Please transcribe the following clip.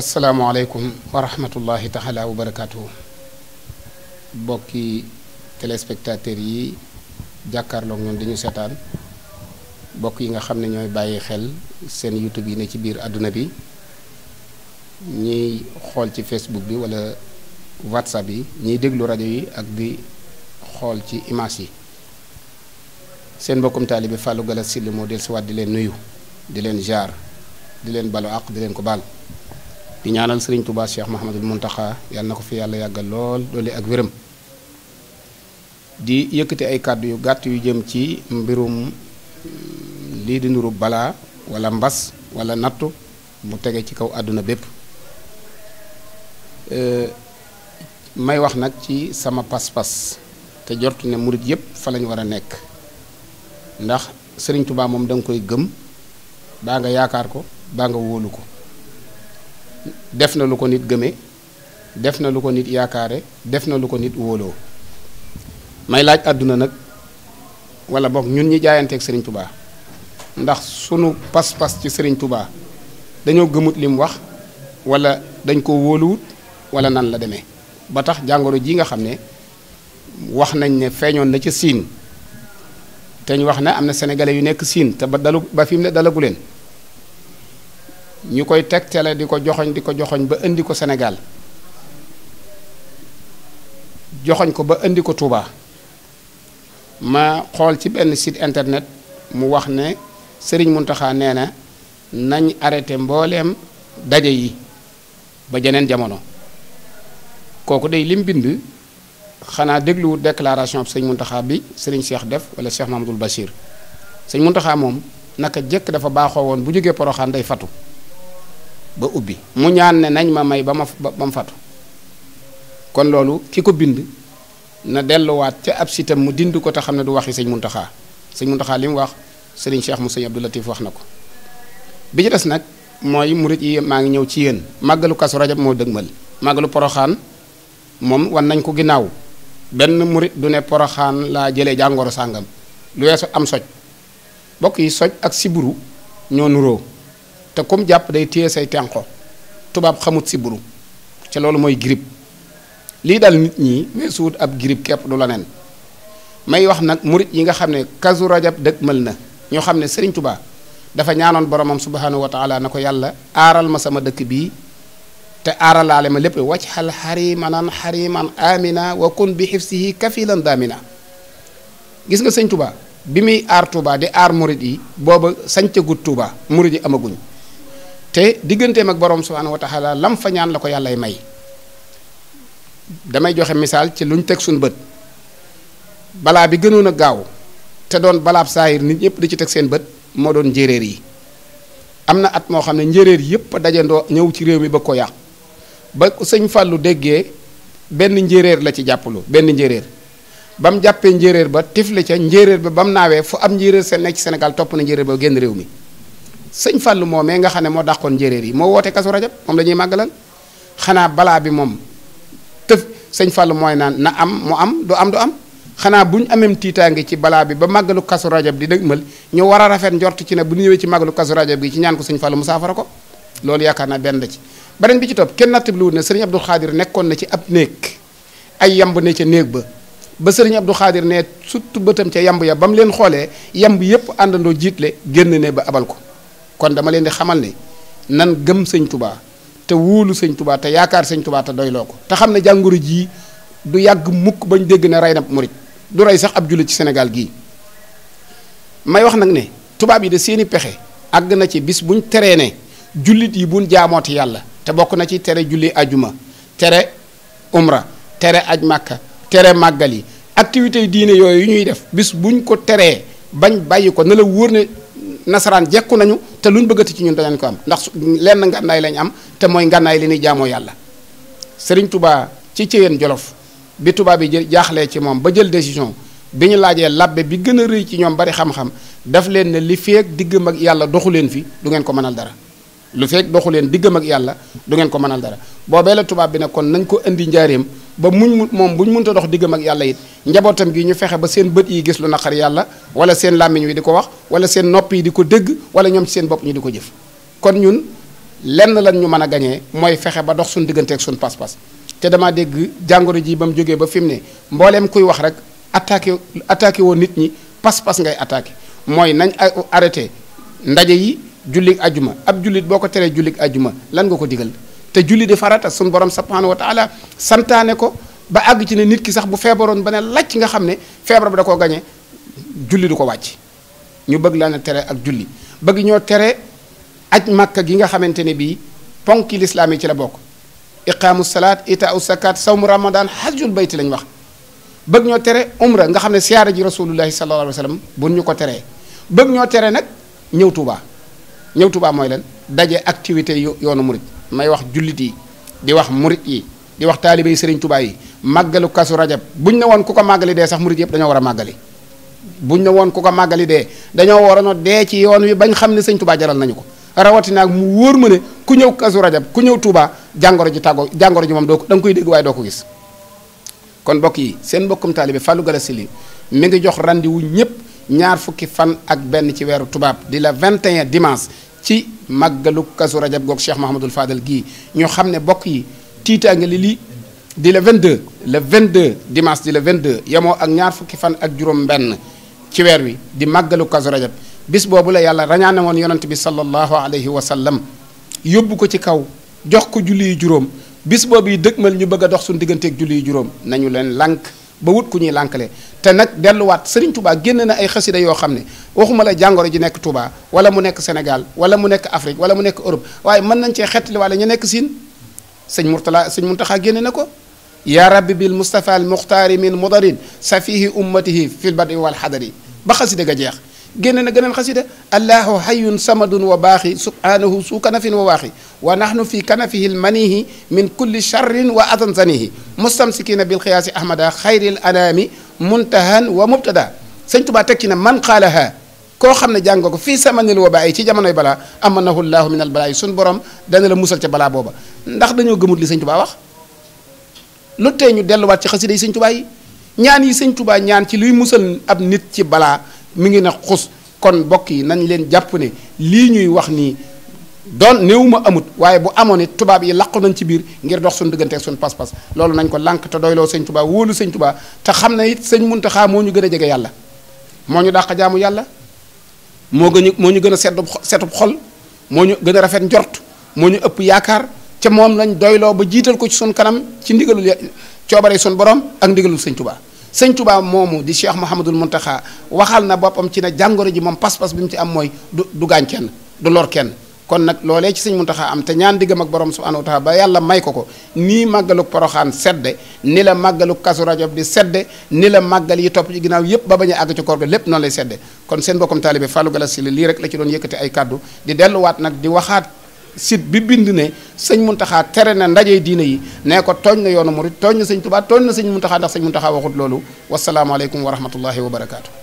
asalaamualeykum wa rahmatullahi taala wa barakaatu bokki téléspectateurs yi jàkkaarloog ñun di ñu seetaan bokk yi nga xam ne ñooy bàyyi xel seen youtube yi ne ci biir àdduna bi ñiy xool ci facebook bi wala whatsapp yi ñiy déglu rajo yi ak di xool ci image yi seen mbokkum taalibe Fallou Galass Syll moo del siwaat di leen nuyu di leen jaar di leen balu àq di leen ko baal di ñaanal sëriñ Touba Cheikh Mahamadul Muntaxa yàlla na ko fi yàlla yàggal lool doole ak wéram di yëkkati ay kàddu yu gàtt yu jëm ci mbirum mm, lii di niru balaa walla mbas wala nattu mu tege ci kaw àdduna bépp euh, may wax nag ci sama pas-pas te jortu ne murit yépp fa lañ war a nekk ndax sëriñ tubaa moom danga koy gëm baa nga yaakaar ko baa nga wóolu ko def na lu ko nit gëme def na lu ko nit yaakaare def na lu ko nit wóoloo may laaj àdduna nag wala boog ñun ñi jaayanteek sëriñ tubaa ndax sunu pas-pas ci sëriñ tubaa dañoo gëmut li wax wala dañ ko wóoluwut wala nan la demee ba tax jàngoro ji nga xam ne wax nañ ne feeñoon na ca siin te ñu wax ne am na sénégalais yu nekk siin te ba dalu ba fi mu ne dalagu leen ñu koy teg tegtale di ko joxoñ di ko joxoñ ba indi ko Sénégal joxoñ ko ba indi ko Touba ma xool ci benn site internet mu wax ne sëriñ muntaxaa nee na nañ arrêté mbooleem daje yi ba jeneen jamono kooku day lim bind xanaa dégluwul déclaration sëñ Mountakha bi Serigne Cheikh def wala Cheikh Mamadou Bachir sëñ Mountakha moom naka jëkk dafa baaxoo woon bu jógee Poroxaan day fatu ba ubbi mu ñaan ne nañ ma may ba ma ba kon loolu ki ko bind na delluwaat ca ab sitam mu dind ko te xam ne du wax sëñ Muntaxa sëñ Muntaxa li mu wax sëriñ Cheikh mu sëñ Abdou Latif wax na ko bi ci des nag mooy murit yi maa ngi ñëw ci yéen màggalu kasu rajab moo dëgmal màggalu poroxaan moom wan nañ ko ginnaaw benn murit du ne poroxaan laa jëlee jàngoro sàngam lu weesu am soj bokk yi soj ak siburu ñoo nuroo te comme jàpp day téye say tenqo tubaab xamut si buru ci loolu mooy grippe lii dal nit ñi mais suut ab grippe képp du la nen may wax nag murit yi nga xam ne kazu rajab mël na ñoo xam ne sëriñ tubaa dafa ñaanoon boromam subhanahu wa taala na ko yàlla aaral ma sama dëkk bii te aaralaale ma lépp wacc xal xarimanan xariman amina wa kun bi yi kafilan damina gis nga sëñ tubaa bi muy aar tubaa di aar murit yi booba sañcagut tubaa murit yi amaguñ te digganteem ak borom subhaanahu wa taala lam fa ñaan la ko yàllay may damay joxe misaal ci luñ teg suñ bët balaa bi gënoon a gaaw te doon balaab saahir nit ñëpp di ci teg seen bët moo doon njéeréer yi am na at moo xam ne njéeréer yëpp dajandoo ñëw ci réew mi ba ko yàq ba sëñ Fàllu déggee benn njéeréer la ci jàppalu benn njéeréer ba mu jàppee njéeréer ba tifli ca njéeréer ba ba mu naawee fu am njéeréer seen nekk ci senegal topp na njéeréer ba génn réew mi sëñ Fallou moomee nga xam ne moo dàqoon njéeréer yi moo woote kasu rajab moom la ñuy màggalal xanaa balaa bi moom tëf sëñ Fallou mooy naan na am mu am du am du am xanaa bu ñu amem tiitaange ci balaa bi ba màggalu kasu rajab di dëgmal ñu war a rafet njort ci ne bu nu ñëwee ci màggalu kasu rajab gi ci ñaan ko sëñ Fallou mu saafara ko loolu yaakaar na benn la ci beneen bi ci topp kenn natt bi lu wut ne sëriñ Abdou Khadir nekkoon na ci ab néeg ay yamb ne ca néeg ba ba sëriñ Abdou Khadir ne surtout bëtam ca yamb ya ba mu leen xoolee yamb yëpp àndandoo jiitle génn ne ba abal ko kon dama leen di xamal ni nan gëm sëñ tubaa te wóolu sëñ tubaa te yaakaar sëñ tubaa te doyloo ko te xam ne jàngoro jii du yàgg mukk bañ dégg na rey na murit du rey sax ab jullit ci Sénégal gii may wax nag ne tubaab yi de seeni pexe àgg na ci bis buñ teree ne jullit yi buñ jaamooti yàlla te bokk na ci tere julli ajuma tere umra tere aj màkka tere màggal yi activités yi diine yooyu yu ñuy def bis buñ ko teree bañ bàyyi ko na la wóor ne nasaraan jekku nañu te lu luñ bëggati ci ñun danañ ko am ndax lenn ngànnaay lañ am te mooy ngànnaay li ñuy jaamoo yàlla sëriñ tubaa ci ceyeen jolof bi tubaa bi jaaxlee ci moom ba jël décision bi ñu laajee labbe bi gën a rëy ci ñoom bari xam-xam daf leen ne li feek diggam ak yàlla doxu leen fii du ngeen ko mënal dara lu feek doxu leen diggam ak yàlla du ngeen ko mënal dara boobee la tubaab bi ne kon nañ ko indi njaareem ba mu moom bu buñ mënta dox diggam ak yàlla it njabootam gi ñu fexe ba seen bët yi gis lu naqar yàlla wala seen làmmiñ wi di ko wax wala seen nopp yi di ko dégg wala ñoom ci seen bopp ñu di ko jëf kon ñun lenn lan ñu mën a gañee mooy fexe ba dox suñ diggante ak suñ pas-pas te damaa dégg jàngoro ji ba mu jógee ba fi mu ne mbooleem kuy wax rek attaqué attaqué woon nit ñi pas-pas ngay attaqué mooy nañ arrêté ndaje yi jullig ajuma ab jullit boo ko teree jullig ajuma lan nga ko digal te julli di farata suñ borom subhanahu wa taala santaane ko ba àgg ci ne nit ki sax bu feebaroon ba ne lacc nga xam ne feebar ba da koo gañe julli du ko wàcc ñu bëgg laa na tere ak julli bëgg ñoo tere ak màkka gi nga xamante ne bii ponki lislaam yi ci la bokk iqaamu salaat itaau zakat sawmu ramadan hajjul bayti lañ wax bëgg ñoo tere umra nga xam ne siyaara ji rasulullahi sallallahu alayhi wa sallam buñ ñu ko teree bëgg ñoo tere nag ñëw tubaa ñëw tubaa mooy leen daje activité yoonu murit may wax jullit yi di wax murit yi di wax taalibé yi sëriñ Tuubaa yi màggalu kasu rajab buñ ne woon ku ko màggali dee sax murit yëpp dañoo war a màggali buñ ne woon ku ko màggali dee dañoo waroon a dee ci yoon wi bañ xam ne sëñ Tuubaa jaral nañu ko rawatina mu wóor ma ne ku ñëw kasu rajab ku ñëw Tuubaa jàngoro ji tàggoo jàngoro ji moom doo ko danga koy dégg waaye doo ko gis kon mbokk yi seen mbokkum taalibe Fallou Galass Syll mi ngi jox rendez-vous ñëpp ñaar fukki fan ak benn ci weeru tubaab di la vingt 21 dimanche ci màggalu kasu rajab goog Cheikh Mahamadul Fadal gii ñu xam ne bokk yi tiitaange li lii di le 22 le 22 dimanche di le 22 yemoo ak ñaar fukki fan ak juróom mbenn ci weer wi di màggalu kasu rajab bis boobu la yàlla rañaane woon yonant bi sallallahu alayhi wa sallam yóbbu ko ci kaw jox ko julli yu juróom bis boobu yi dëgmal ñu bëgg a dox suñu digganteek julli yu juróom nañu leen lank ba wut ku ñuy lànkale te nag delluwaat sëriñ Touba génn na ay xasida yoo xam ne waxuma la jàngoro ji nekk Touba wala mu nekk Sénégal wala mu nekk Afrique wala mu nekk Europe waaye mën nañ cee xettali wala ñu nekk siin sëñ Mourtala sëñ taxaa génne na ko yaa rabbi bil Mustafa al Muxtaari min mudarin safihi ummatihi fil badi wal xadari ba xasida ga jeex génne na gënal xasida allahu hayyun samadun wa baaxi subhanahu su kanafin wa waaxi wa nahnu fi kanafihi lmanihi min kulli charrin wa atansanihi mustamsikina bilxiyaasi ahmada xayril anaami muntahan wa mubtada sëñ tubaa teg ci na man qaalaha koo xam ne jàng ko fii samanil wa baayi ci jamonoy balaa amanahu llahu min al balaayi suñ borom dana la musal ca balaa booba ndax dañoo gëmut li sëñ tubaa wax lu tee ñu delluwaat ci xasida yi sëñ tubaa yi ñaan yi sañ tubaa ñaan ci luy musal ab nit ci balaa mi ngi na xus kon bokk yi nañ leen jàpp ne lii ñuy wax nii doon néewuma amut waaye bu amoon it tubaab yi laqu nañ ci biir ngir dox suñu diggante ak suñu pas-pas loolu nañ ko lànk te doyloo sëñ tubaa wóolu sëñ tubaa te xam ne it sañ sëñ muntaxaa moo ñu gën a jege yàlla moo ñu dàq jaamu yàlla moo gën moo ñu gën a seddub setub xol moo ñu gën a rafet njort moo ñu ëpp yaakaar ca moom lañ doyloo ba jiital ko ci suñu kanam ci ndigalul coobare suñu borom ak ndigalul sëñ tubaa sëñ Tuubaa moomu di Cheikh Mouhamadul Mountakha waxal na boppam ci ne jàngoro ji moom pas-pas bi mu ci am mooy du du gaañ kenn du lor kenn kon nag loolee ci sëñ Mountakha am te ñaan diggam ak borom subhanahu wa taala ba yàlla may ko ko nii màggaluk poroxaan sedde ni la màggaluk kasu rajob di sedde ni la màggal yi topp ci ginnaaw yépp ba bañ a àgg ci koor lépp noonu lay sedde kon seen bokkam taalibe Fallou Galass Syll lii rek la ci doon yëkkati ay kàddu di delluwaat nag di sit bi bind ne sëñ Muntaxa tere na ndaje diine yi nee ko tooñ na yoonu murit tooñ na sëñ Tuubaa tooñ na sëñ Muntaxa ndax sëñ Muntaxa waxut loolu wasalaamualeykum wa rahmatullahi wa barakaatu.